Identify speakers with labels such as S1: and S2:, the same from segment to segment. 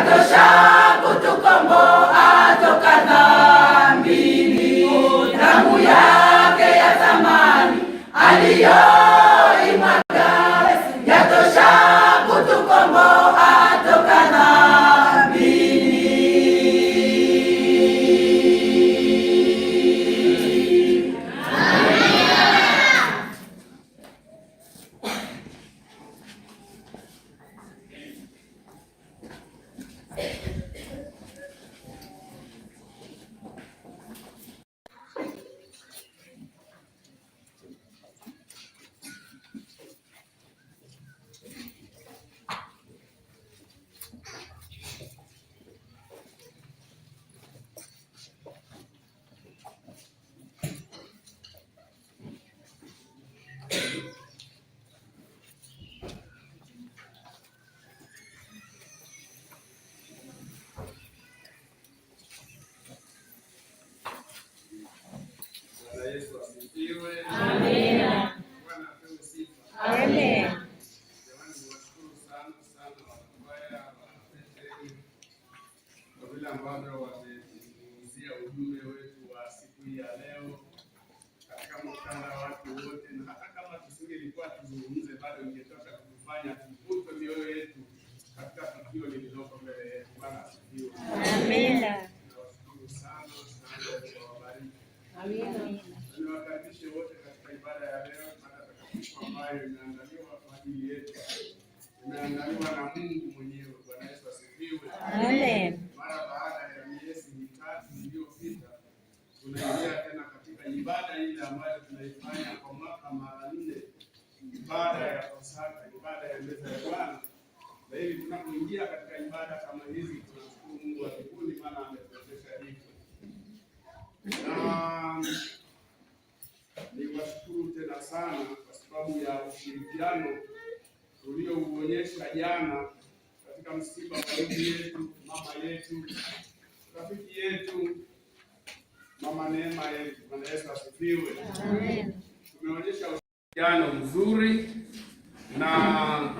S1: Santo Chão.
S2: ambayo imeandaliwa kwa ajili yetu, imeandaliwa na Mungu mwenyewe. Bwana Yesu asifiwe. Amen. Mara baada ya miezi mitatu iliyopita, tunaingia tena katika ibada ile ambayo tunaifanya kwa mwaka mara nne, ibada ya Pasaka, ibada ya meza ya Bwana. Na hivi tunapoingia katika ibada kama hizi, tunashukuru Mungu wa mbinguni, maana ametuwezesha hivyo na niwashukuru tena sana sababu ya ushirikiano uliouonyesha jana katika msiba wa ndugu yetu, mama yetu, rafiki yetu, mama Neema yetu. Bwana Yesu asifiwe. Amen. Tumeonyesha ushirikiano mzuri na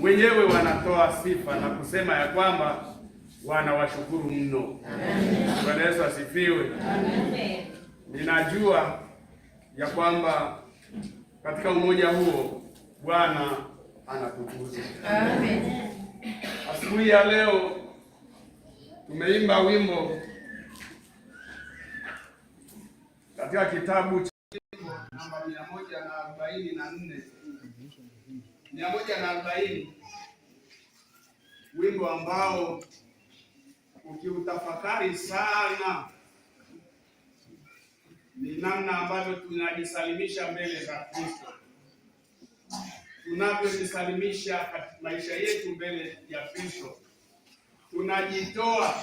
S2: wenyewe wanatoa sifa na kusema ya kwamba wanawashukuru mno. Bwana Yesu asifiwe. Amen. Ninajua ya kwamba katika umoja huo Bwana anatukuza. Amen. Asubuhi ya leo tumeimba wimbo katika kitabu cha namba mia moja na arobaini na nne mia moja na arobaini wimbo ambao ukiutafakari sana ni namna ambavyo tunajisalimisha mbele za Kristo, tunavyojisalimisha katika maisha yetu mbele ya Kristo, tunajitoa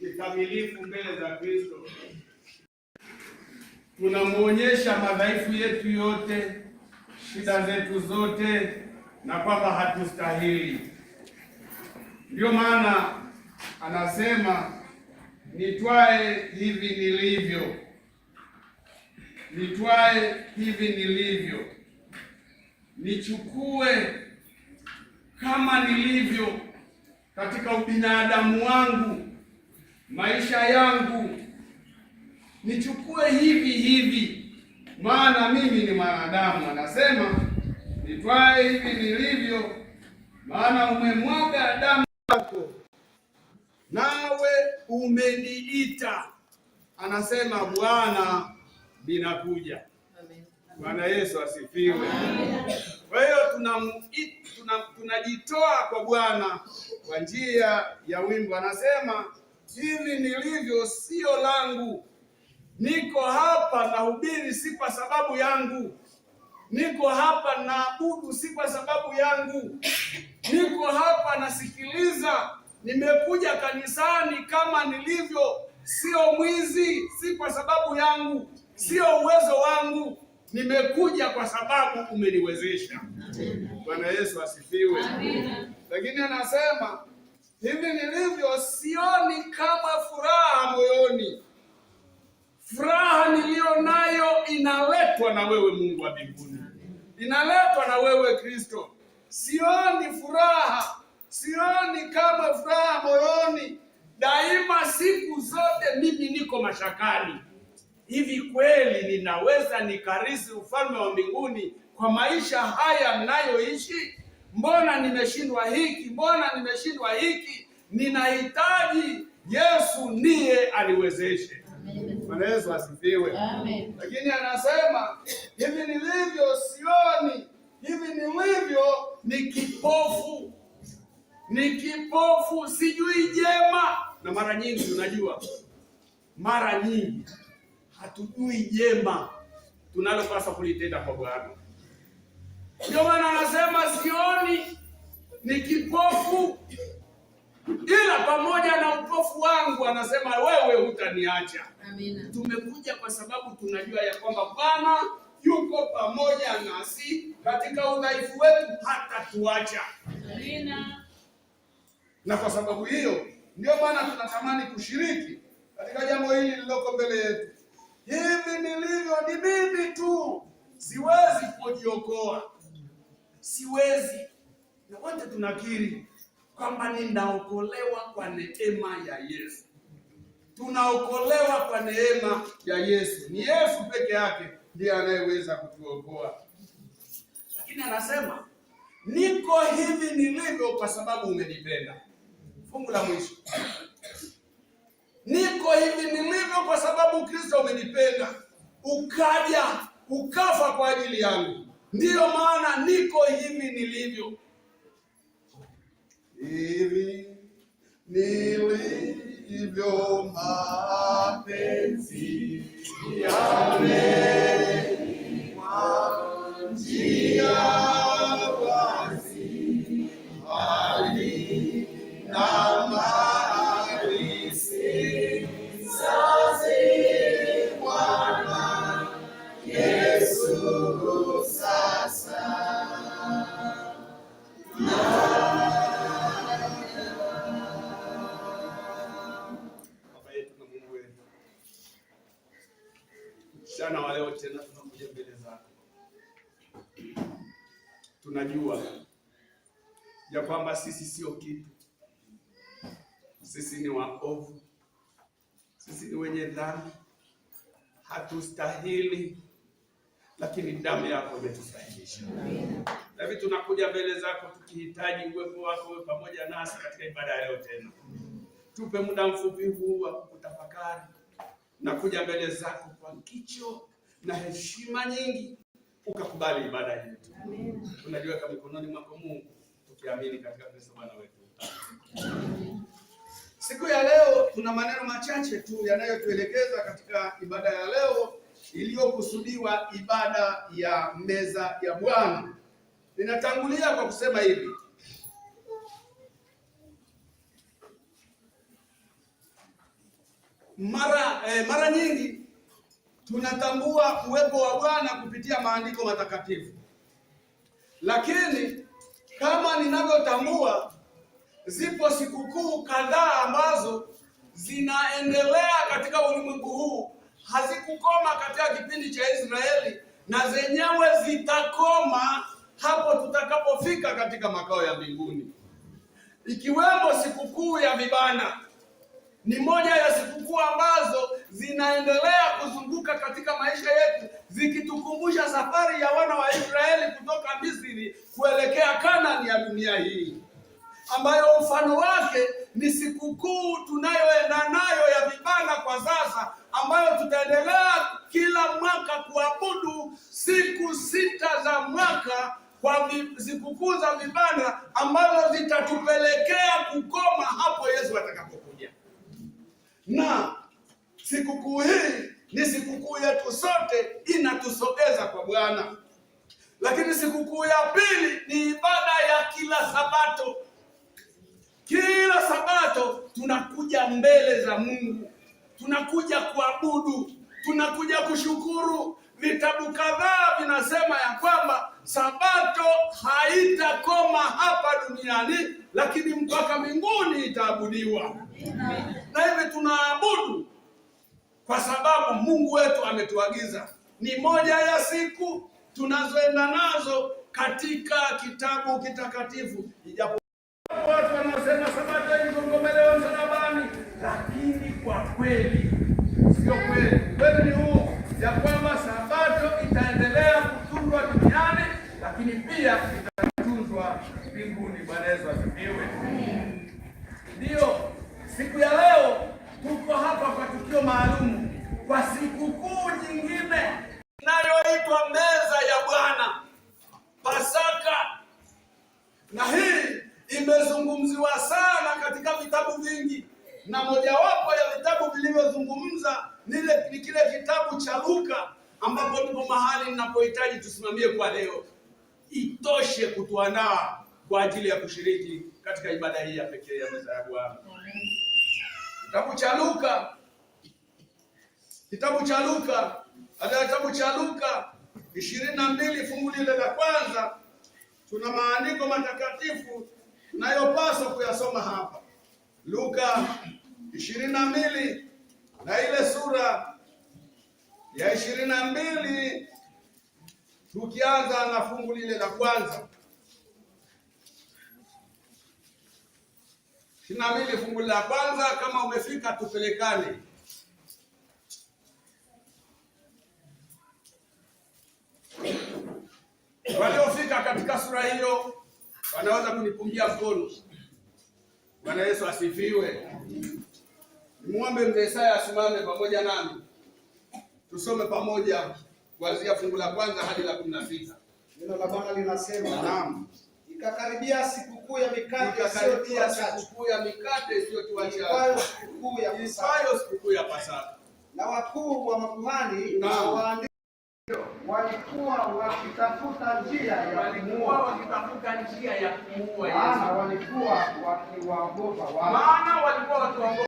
S2: kikamilifu mbele za Kristo, tunamwonyesha madhaifu yetu yote, shida zetu zote, na kwamba hatustahili. Ndiyo maana anasema nitwae hivi nilivyo nitwae hivi nilivyo, nichukue kama nilivyo katika ubinadamu wangu, maisha yangu nichukue hivi hivi, maana mimi ni mwanadamu. Anasema nitwae hivi nilivyo, maana umemwaga damu yako nawe umeniita, anasema Bwana vinakuja. Bwana Yesu asifiwe. Kwa hiyo tunajitoa tuna, kwa Bwana kwa njia ya wimbo. Anasema hivi nilivyo sio langu, niko hapa nahubiri si kwa sababu yangu, niko hapa naabudu si kwa sababu yangu, niko hapa nasikiliza, nimekuja kanisani kama nilivyo, sio mwizi, si kwa sababu yangu sio uwezo wangu. Nimekuja kwa sababu umeniwezesha. Bwana Yesu asifiwe. Lakini anasema hivi nilivyo, sioni kama furaha moyoni. Furaha niliyo nayo inaletwa na wewe, Mungu wa mbinguni, inaletwa na wewe Kristo. Sioni furaha, sioni kama furaha moyoni. Daima siku zote mimi niko mashakani hivi kweli ninaweza nikarithi ufalme wa mbinguni kwa maisha haya ninayoishi? Mbona nimeshindwa hiki? Mbona nimeshindwa hiki? Ninahitaji Yesu, ndiye aliwezeshe. Bwana Yesu asifiwe. Amen. Lakini anasema hivi nilivyo sioni, hivi nilivyo ni kipofu, ni kipofu, sijui jema. Na mara nyingi, unajua mara nyingi hatujui jema tunalopaswa kulitenda kwa Bwana. Ndio maana anasema sioni, ni kipofu, ila pamoja na upofu wangu anasema wewe hutaniacha. Amina. Tumekuja kwa sababu tunajua ya kwamba Bwana yuko pamoja nasi katika udhaifu wetu, hata tuacha. Amina. Na kwa sababu hiyo ndio maana tunatamani kushiriki katika jambo hili lililoko mbele yetu hivi nilivyo ni mimi tu, siwezi kujiokoa, siwezi. Na wote tunakiri kwamba ninaokolewa kwa neema ya Yesu, tunaokolewa kwa neema ya Yesu. Ni Yesu peke yake ndiye anayeweza kutuokoa, lakini anasema niko hivi nilivyo kwa sababu umenipenda. Fungu la mwisho niko hivi nilivyo kwa sababu Kristo amenipenda ukaja ukafa kwa ajili yangu, ndiyo maana niko hivi nilivyo.
S1: Hivi nilivyo mapenzi yale
S2: tunajua ya kwamba sisi sio kitu, sisi ni waovu, sisi ni wenye dhambi, hatustahili, lakini damu yako imetustahilisha. Na hivi tunakuja mbele zako tukihitaji uwepo wako pamoja nasi katika ibada ya leo tena. Tupe muda mfupi huu wa kutafakari na kuja mbele zako kwa kicho na heshima nyingi ukakubali ibada yetu. Tunajiweka mikononi mwako Mungu, tukiamini katika Kristo Bwana wetu. Siku ya leo tuna maneno machache tu yanayotuelekeza katika ibada ya leo iliyokusudiwa, ibada ya meza ya Bwana. Ninatangulia kwa kusema hivi mara eh, mara nyingi tunatambua uwepo wa Bwana kupitia maandiko matakatifu, lakini kama ninavyotambua, zipo sikukuu kadhaa ambazo zinaendelea katika ulimwengu huu, hazikukoma katika kipindi cha Israeli na zenyewe zitakoma hapo tutakapofika katika makao ya mbinguni, ikiwemo sikukuu ya vibana. Ni moja ya sikukuu ambazo zinaendelea kuzunguka katika maisha yetu zikitukumbusha safari ya wana wa Israeli kutoka Misri kuelekea Kanani ya dunia hii ambayo mfano wake ni sikukuu tunayoenda nayo ya vibanda kwa sasa, ambayo tutaendelea kila mwaka kuabudu siku sita za mwaka kwa sikukuu za vibanda ambazo zitatupelekea kukoma hapo Yesu atakapokuja na Sikukuu hii ni sikukuu yetu sote, inatusogeza kwa Bwana. Lakini sikukuu ya pili ni ibada ya kila Sabato. Kila Sabato tunakuja mbele za Mungu, tunakuja kuabudu, tunakuja kushukuru. Vitabu kadhaa vinasema ya kwamba Sabato haitakoma hapa duniani, lakini mpaka mbinguni itaabudiwa, na hivi tunaabudu kwa sababu Mungu wetu ametuagiza. Ni moja ya siku tunazoenda nazo katika kitabu kitakatifu, ijapo watu wanasema Sabato igongomelewa msalabani, lakini kwa kweli sio kweli. Kweli ni huu ya kwamba Sabato itaendelea kutunzwa duniani, lakini pia itatunzwa mbinguni. Bwana Yesu asifiwe. Ndiyo siku ya leo tuko hapa kwa tukio maalum na mojawapo ya vitabu vilivyozungumza ni kile kitabu cha Luka, ambapo ndipo mahali ninapohitaji tusimamie kwa leo. Itoshe kutuandaa kwa ajili ya kushiriki katika ibada hii ya pekee ya meza ya Bwana. Kitabu cha Luka, kitabu cha Luka, kitabu cha Luka ishirini na mbili fungu lile la kwanza, tuna maandiko matakatifu tunayopaswa kuyasoma hapa Luka ishirini na mbili na ile sura ya ishirini na mbili tukianza na fungu lile la kwanza ishirini na mbili fungu la kwanza. Kama umefika tupelekane. Waliofika katika sura hiyo wanaweza kunipungia mkono. Bwana Yesu asifiwe. Muombe mzee Isaya asimame pamoja nami, tusome pamoja kuanzia fungu la kwanza hadi la kumi na sita. Neno la Bwana linasema naam, ikakaribia sikukuu ya mikate isiyotiwa chachu, sikukuu ya Pasaka, na wakuu wa makuhani na waandishi walikuwa wakitafuta njia ya kumuua, wakitafuta njia ya kumuua Yesu, walikuwa wakiwaogopa wao, maana walikuwa wakiwaogopa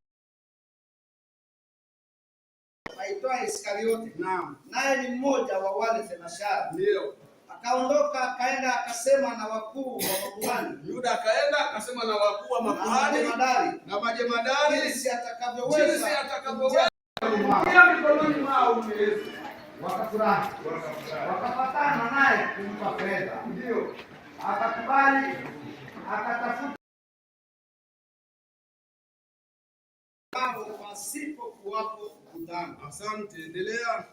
S2: aitwaye Iskariote. Naam. Naye ni mmoja wa wale thenashara. Ndio. Akaondoka akaenda akasema na wakuu wa makuhani. Yuda akaenda akasema na wakuu wa makuhani na majemadari jinsi atakavyoweza. Jinsi atakavyoweza. Kila mikononi mwao umeleza. Wakafurahi. Wakapatana naye kumpa fedha. Ndio. Akakubali akatafuta ao pasipo kuwapo mkutano. Asante, endelea.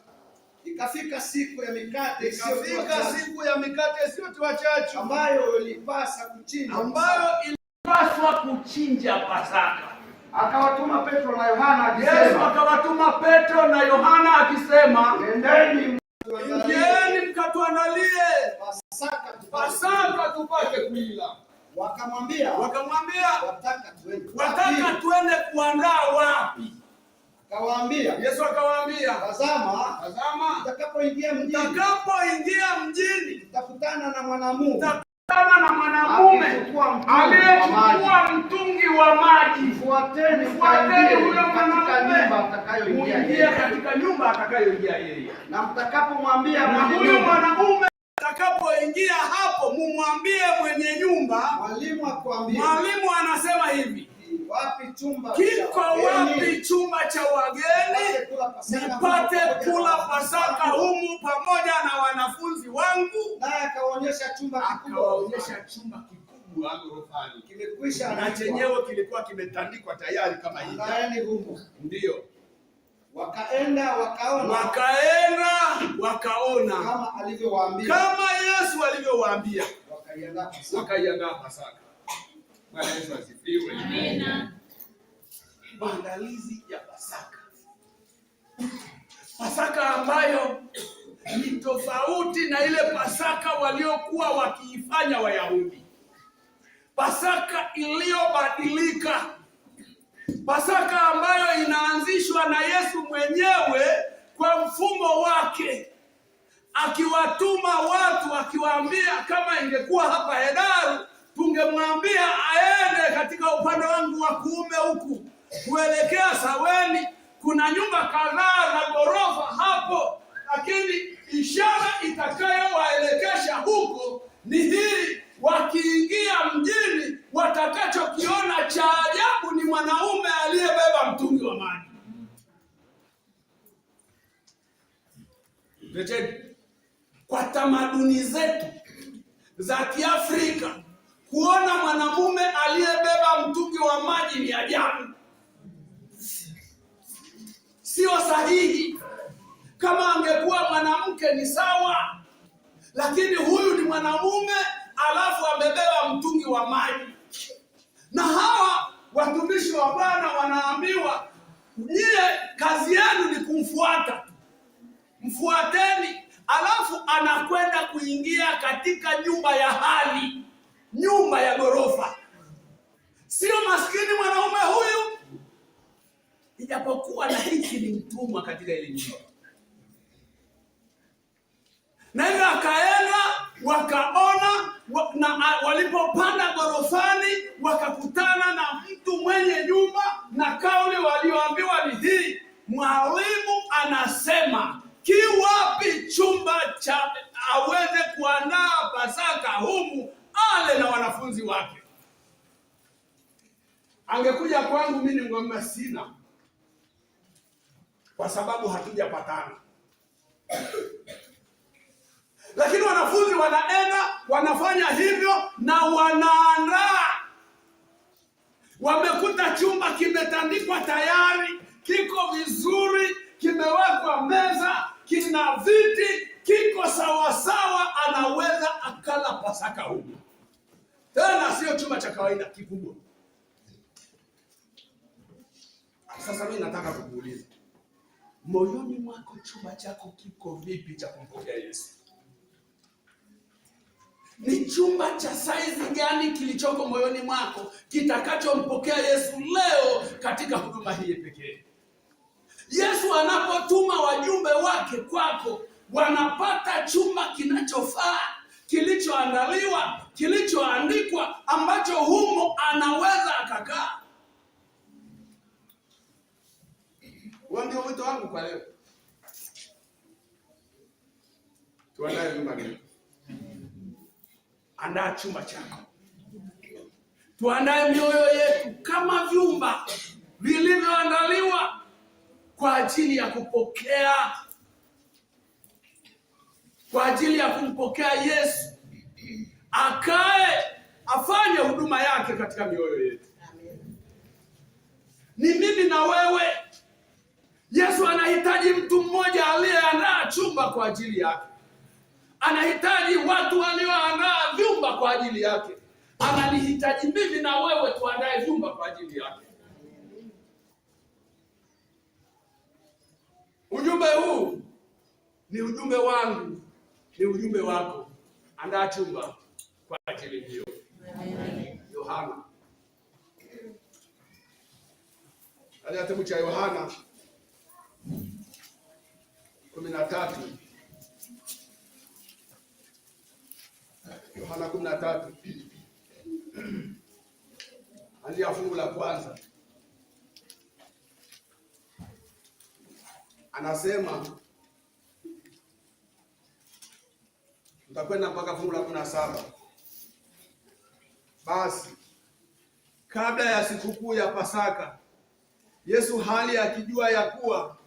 S2: Ikafika siku ya mikate isiyotiwa chachu ambayo ilipasa kuchinja, ambayo ilipaswa kuchinja Pasaka. Akawatuma Petro na Yohana akisema, Yesu akawatuma Petro na Yohana akisema, endeni mkatuandalie Pasaka tupate kuila. Wakamwambia, wakamwambia wataka tuende, wataka tuende kuandaa wapi? Akawaambia, Yesu akawaambia, tazama, tazama, utakapoingia mjini, utakapoingia mjini utakutana na mwanamume utakutana na mwanamume aliyechukua mtungi wa maji. Fuateni fuateni huyo mwanamume, ingia katika nyumba atakayoingia yeye, na mtakapomwambia huyo mwanamume, atakapoingia umwambie mwenye nyumba, mwalimu akwambie, mwalimu anasema hivi wapi chumba kiko wapi chumba cha wageni nipate kula Pasaka humu pamoja na wanafunzi wangu. Naye akaonyesha chumba kikubwa akaonyesha chumba kikubwa ghorofani, kimekwisha na chenyewe kilikuwa kimetandikwa tayari kama hivi, ndani humo ndio wakaenda wakaona, wakaenda wakaona kama alivyowaambia, kama Yesu alivyowaambia wakaiandaa wakaiandaa Pasaka. Bwana Yesu asifiwe. Amina. Maandalizi ya Pasaka, Pasaka ambayo ni tofauti na ile Pasaka waliokuwa wakiifanya Wayahudi, Pasaka iliyobadilika, Pasaka ambayo inaanzishwa na Yesu mwenyewe kwa mfumo wake akiwatuma watu akiwaambia, kama ingekuwa hapa Hedaru tungemwambia aende katika upande wangu wa kuume huku kuelekea Saweni, kuna nyumba kadhaa na ghorofa hapo, lakini ishara itakayowaelekesha huko ni hili. Wakiingia mjini, watakachokiona cha ajabu ni mwanaume aliyebeba mtungi wa maji kwa tamaduni zetu za Kiafrika, kuona mwanamume aliyebeba mtungi wa maji ni ajabu, sio sahihi. Kama angekuwa mwanamke ni sawa, lakini huyu ni mwanamume alafu amebeba mtungi wa maji. Na hawa watumishi wa Bwana wanaambiwa, nyie kazi yenu ni kumfuata, mfuateni alafu anakwenda kuingia katika nyumba ya hali, nyumba ya ghorofa. Sio maskini mwanaume huyu, ijapokuwa na hiki ni mtumwa katika ile nyumba. Na akaenda, wakaona wa, na walipopanda ghorofani wakakutana na mtu mwenye nyumba, na kauli walioambiwa ni hii, mwalimu anasema kiwapi chumba cha aweze kuandaa Pasaka humu ale na wanafunzi wake. Angekuja kwangu mimi ningomba sina, kwa sababu hatujapatana. Lakini wanafunzi wanaenda wanafanya hivyo na wanaandaa, wamekuta chumba kimetandikwa tayari, kiko vizuri, kimewekwa meza kina viti kiko sawasawa, anaweza akala Pasaka huko tena, sio chuma cha kawaida kikubwa. Sasa mimi nataka kukuuliza, moyoni mwako chumba chako kiko vipi cha kumpokea Yesu? Ni chumba cha saizi gani kilichoko moyoni mwako kitakachompokea Yesu leo katika huduma hii pekee? Yesu anapotuma wajumbe wake kwako, wanapata chumba kinachofaa, kilichoandaliwa, kilichoandikwa, ambacho humo anaweza akakaa. Huo ndio wito wangu kwa leo. Tuandae nyumba gani? andaa chumba chako, tuandae mioyo yetu kama vyumba vilivyoandaliwa kwa ajili ya kupokea, kwa ajili ya kumpokea Yesu akae afanye huduma yake katika mioyo yetu. Ni mimi na wewe. Yesu anahitaji mtu mmoja aliyeandaa chumba kwa ajili yake, anahitaji watu walioandaa vyumba kwa ajili yake, ananihitaji mimi na wewe tuandae vyumba kwa ajili yake. Ujumbe huu ni ujumbe wangu, ni ujumbe wako. Andaa chumba kwa ajili hiyo. Yohana, katika kitabu cha Yohana kumi na tatu Yohana kumi na tatu anzia fungu la kwanza. anasema tutakwenda mpaka fungu la kumi na saba. Basi kabla ya sikukuu ya Pasaka, Yesu hali akijua ya kuwa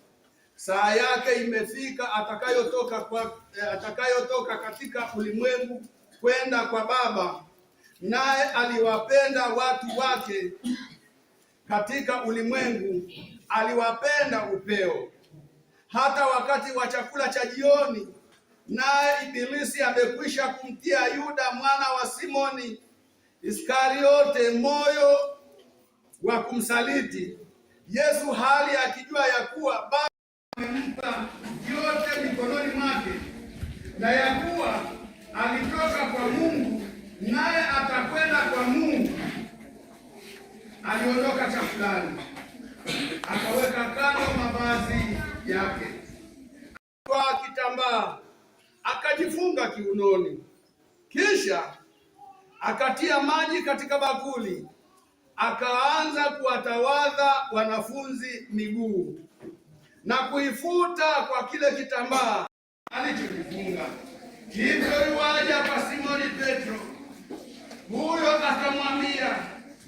S2: saa yake imefika atakayotoka kwa eh, atakayotoka katika ulimwengu kwenda kwa Baba, naye aliwapenda watu wake katika ulimwengu, aliwapenda upeo hata wakati wa chakula cha jioni, naye Ibilisi amekwisha kumtia Yuda mwana wa Simoni Iskariote moyo wa kumsaliti Yesu, hali akijua ya kuwa Baba amempa yote mikononi mwake na ya kuwa alitoka kwa Mungu naye atakwenda kwa Mungu. Aliondoka chakulani akaweka kando yake, kwa kitambaa akajifunga kiunoni, kisha akatia maji katika bakuli, akaanza kuwatawadha wanafunzi miguu na kuifuta kwa kile kitambaa alichokifunga. Hivyo iwaja kwa Simoni Petro, huyo akamwambia,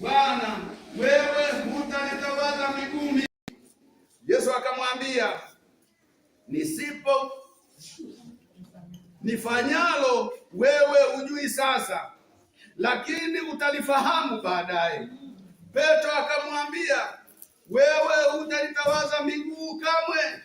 S2: Bwana, wewe hutanitawadha miguu? Yesu akamwambia nisipo nifanyalo wewe hujui sasa, lakini utalifahamu baadaye. Petro akamwambia, wewe hutanitawaza miguu kamwe.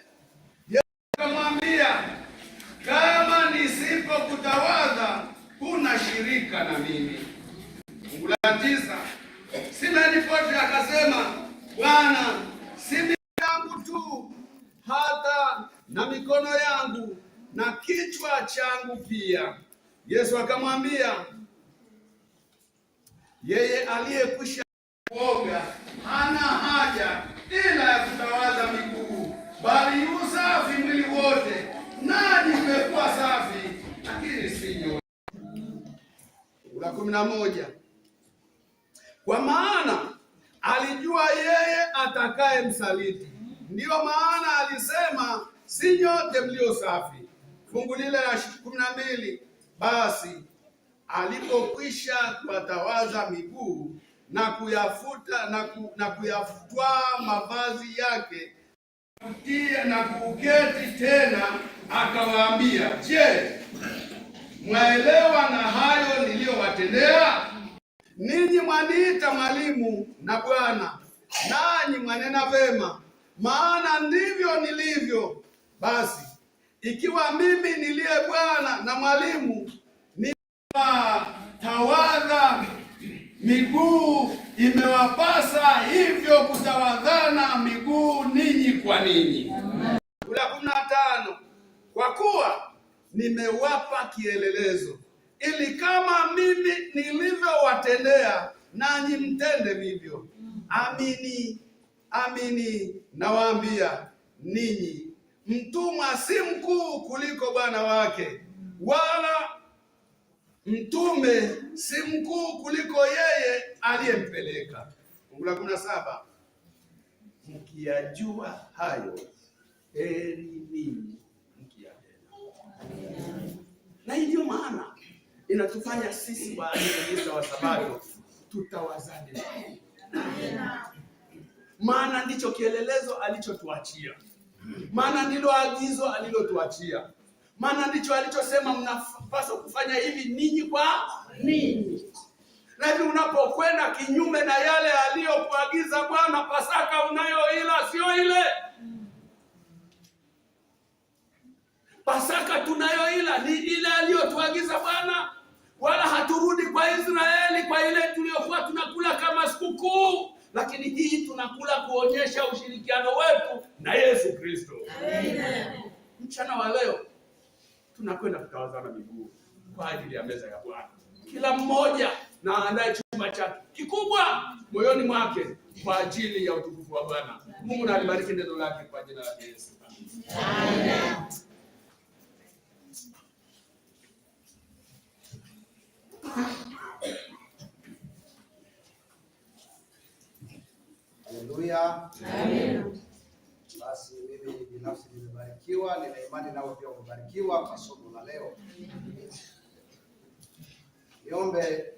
S2: akamwambia yeye aliyekwisha kuoga hana haja ila ya kutawaza miguu, bali yu safi mwili wote, nani imekuwa safi, lakini si nyote. kumi na moja, kwa maana alijua yeye atakaye msaliti, ndiyo maana alisema si nyote mlio safi. Fungu lile la kumi na mbili basi alipokwisha kuwatawaza miguu na kuyafuta na, ku, na kuyafutwaa mavazi yake na kuketi tena, akawaambia, Je, mwaelewa na hayo niliyowatendea ninyi? Mwaniita mwalimu na Bwana, nanyi mwanena vema, maana ndivyo nilivyo. Basi ikiwa mimi niliye Bwana na mwalimu tawadha, miguu imewapasa hivyo kutawadhana miguu ninyi kwa ninyi. Ula kumi na tano, kwa kuwa nimewapa kielelezo ili kama mimi nilivyowatendea nanyi mtende vivyo. Amini amini nawaambia ninyi, mtumwa si mkuu kuliko bwana wake, wala Mtume si mkuu kuliko yeye aliyempeleka. Fungu la kumi na saba, mkiyajua hayo heri ninyi mkiyatenda. Na hiyo maana inatufanya sisi Waadventista wa Sabato tutawazaje? maana ndicho kielelezo alichotuachia, maana ndilo agizo alilotuachia, maana ndicho alichosema mnafaa Mpaswa kufanya hivi ninyi kwa ninyi. Lakini unapokwenda kinyume na yale aliyokuagiza Bwana, Pasaka unayoila sio ile Pasaka tunayoila ni ile aliyotuagiza Bwana, wala haturudi kwa Israeli kwa ile tuliyokuwa tunakula kama sikukuu, lakini hii tunakula kuonyesha ushirikiano wetu na Yesu Kristo. Amen. Mchana wa leo tunakwenda kutawazana miguu kwa ajili ya meza ya Bwana. Kila mmoja na andaye chuma chake kikubwa moyoni mwake kwa ajili ya utukufu wa Bwana. Mungu na alibariki neno lake kwa jina la Yesu. Haleluya. Basi mimi binafsi nimebarikiwa, nina imani nao pia wamebarikiwa kwa somo la leo. Niombe